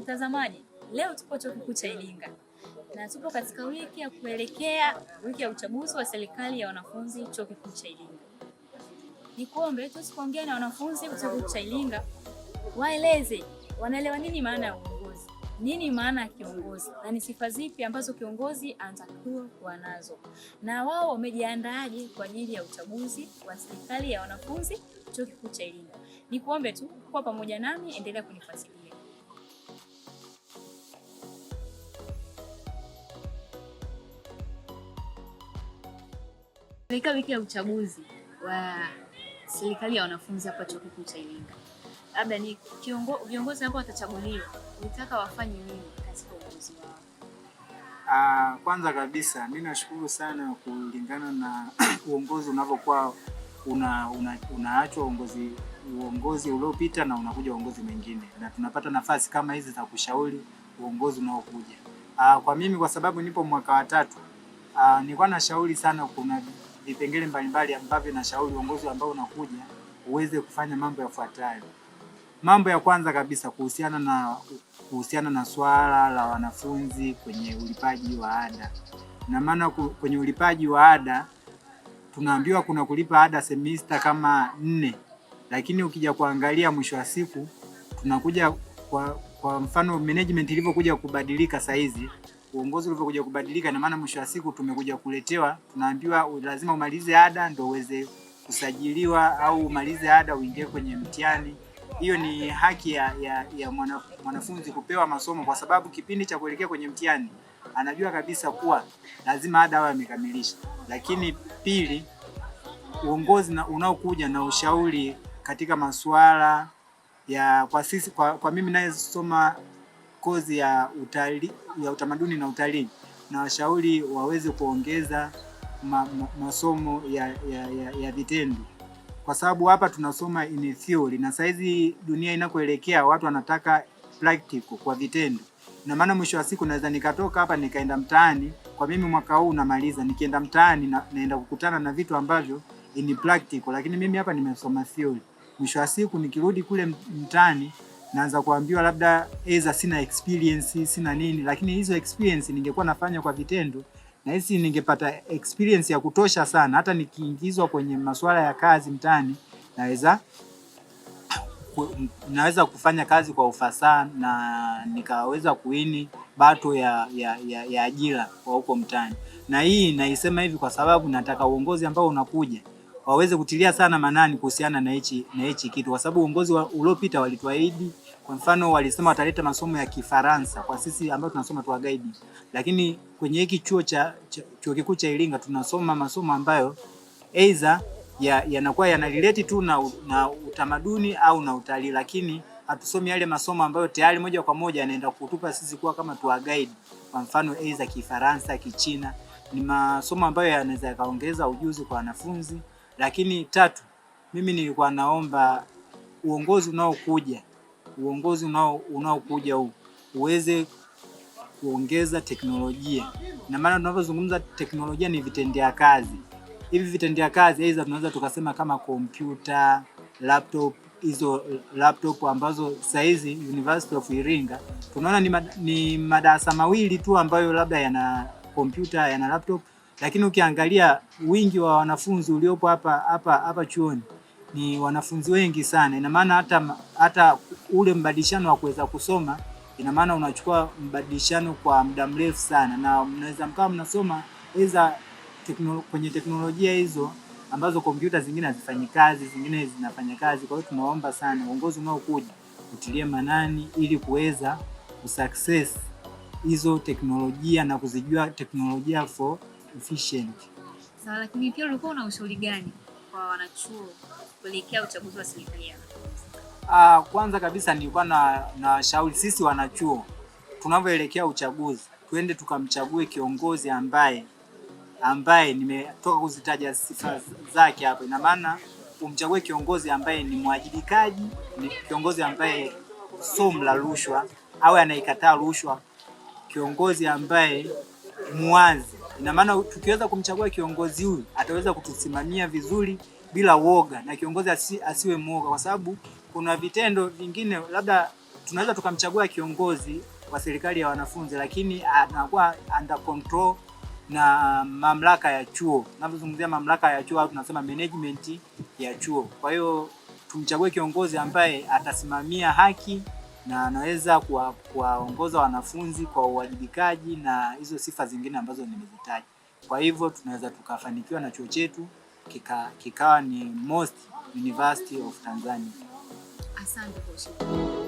Mtazamaji, leo tupo chuo kikuu cha Iringa na tupo katika wiki ya kuelekea wiki ya uchaguzi wa serikali ya wanafunzi chuo kikuu cha Iringa. Nikuombe tusikuongea na wanafunzi wa chuo kikuu cha Iringa, waeleze wanaelewa nini maana ya uongozi, nini maana ya kiongozi na ni sifa zipi ambazo kiongozi anatakiwa kuwa nazo, na wao wamejiandaaje kwa ajili ya uchaguzi wa serikali ya wanafunzi chuo kikuu cha Iringa. Nikuombe tu kuwa pamoja nami, endelea kunifuatilia. Katika wiki ya uchaguzi wa serikali ya wanafunzi hapa Chuo Kikuu cha Iringa, labda ni viongozi ambao watachaguliwa, nitaka wafanye nini katika uongozi wao? Ah, kwanza kabisa mimi nashukuru sana kulingana na uongozi unavyokuwa una, una, unaachwa uongozi uongozi uliopita na unakuja uongozi mwingine, na tunapata nafasi kama hizi za kushauri uongozi unaokuja. Ah, kwa mimi kwa sababu nipo mwaka wa tatu, uh, nilikuwa nashauri sana kuna vipengele mbalimbali ambavyo nashauri uongozi ambao unakuja uweze kufanya mambo yafuatayo. Mambo ya kwanza kabisa kuhusiana na kuhusiana na swala la wanafunzi kwenye ulipaji wa ada, na maana kwenye ulipaji wa ada tunaambiwa kuna kulipa ada semista kama nne, lakini ukija kuangalia mwisho wa siku tunakuja kwa, kwa mfano management ilivyokuja kubadilika saizi uongozi ulivyokuja kubadilika, na maana mwisho wa siku tumekuja kuletewa, tunaambiwa lazima umalize ada ndio uweze kusajiliwa au umalize ada uingie kwenye mtihani. Hiyo ni haki ya, ya, ya mwanafunzi kupewa masomo, kwa sababu kipindi cha kuelekea kwenye mtihani anajua kabisa kuwa lazima ada awe amekamilisha. Lakini pili, uongozi unaokuja na ushauri katika masuala ya kwa sisi kwa, kwa mimi nayesoma kozi ya utali, ya utamaduni na utalii, na washauri waweze kuongeza ma, ma, masomo ya, ya, ya, ya vitendo kwa sababu hapa tunasoma in theory na saizi dunia inakoelekea watu wanataka practical kwa vitendo. Na maana mwisho wa siku naweza nikatoka hapa nikaenda mtaani, kwa mimi mwaka huu namaliza, nikienda mtaani na, naenda kukutana na vitu ambavyo in practical, lakini mimi hapa nimesoma theory. Mwisho wa siku nikirudi kule mtaani naanza kuambiwa labda eza sina experience sina nini, lakini hizo experience ningekuwa nafanya kwa vitendo, na hisi ningepata experience ya kutosha sana, hata nikiingizwa kwenye masuala ya kazi mtaani, naweza naweza kufanya kazi kwa ufasaha na nikaweza kuini bato ya, ya, ya, ya ajira kwa huko mtaani. Na hii naisema hivi kwa sababu nataka uongozi ambao unakuja waweze kutilia sana manani kuhusiana na hichi na hichi kitu, kwa sababu uongozi uliopita walituahidi. Kwa mfano, walisema wataleta masomo ya Kifaransa kwa sisi ambao tunasoma tu guide, lakini kwenye hiki chuo cha, chuo kikuu cha Iringa tunasoma masomo ambayo aidha yanakuwa ya yanarelate tu na, na utamaduni au na utalii, lakini hatusomi yale masomo ambayo tayari moja kwa moja yanaenda kutupa sisi kuwa kama tour guide. Kwa mfano aidha Kifaransa, Kichina ni masomo ambayo yanaweza yakaongeza ujuzi kwa wanafunzi lakini tatu, mimi nilikuwa naomba uongozi unaokuja uongozi unao unaokuja huu uweze kuongeza teknolojia, na maana tunavyozungumza teknolojia ni vitendea kazi. Hivi vitendea kazi aidha tunaweza tukasema kama kompyuta, laptop hizo laptop ambazo saizi University of Iringa tunaona ni, mad, ni madarasa mawili tu ambayo labda yana kompyuta yana laptop lakini ukiangalia wingi wa wanafunzi uliopo hapa hapa hapa chuoni ni wanafunzi wengi sana. Ina maana hata hata ule mbadilishano wa kuweza kusoma, ina maana unachukua mbadilishano kwa muda mrefu sana, na mnaweza mkawa mnasoma eza teknolo, kwenye teknolojia hizo ambazo kompyuta zingine hazifanyi kazi, zingine zinafanya kazi. Kwa hiyo tunaomba sana uongozi unaokuja utilie manani ili kuweza kusucess hizo teknolojia na kuzijua teknolojia for efficient. Sawa, lakini pia ulikuwa una ushauri gani kwa wanachuo kuelekea uchaguzi wa serikali Ah, kwanza kabisa nilikuwa na na shauri sisi wanachuo tunavyoelekea uchaguzi tuende tukamchague kiongozi ambaye ambaye nimetoka kuzitaja sifa zake hapo. Ina maana umchague kiongozi ambaye ni mwajibikaji, ni kiongozi ambaye sio mla rushwa, awe anaikataa rushwa, kiongozi ambaye muwazi Ina maana tukiweza kumchagua kiongozi huyu ataweza kutusimamia vizuri bila woga, na kiongozi asi, asiwe mwoga, kwa sababu kuna vitendo vingine, labda tunaweza tukamchagua kiongozi wa serikali ya wanafunzi, lakini anakuwa under control na mamlaka ya chuo. Tunapozungumzia mamlaka ya chuo au tunasema management ya chuo. Kwa hiyo tumchague kiongozi ambaye atasimamia haki na anaweza kuwaongoza wanafunzi kwa uwajibikaji na hizo sifa zingine ambazo nimezitaja. Kwa hivyo tunaweza tukafanikiwa na chuo chetu kikawa ni most university of Tanzania. Asante.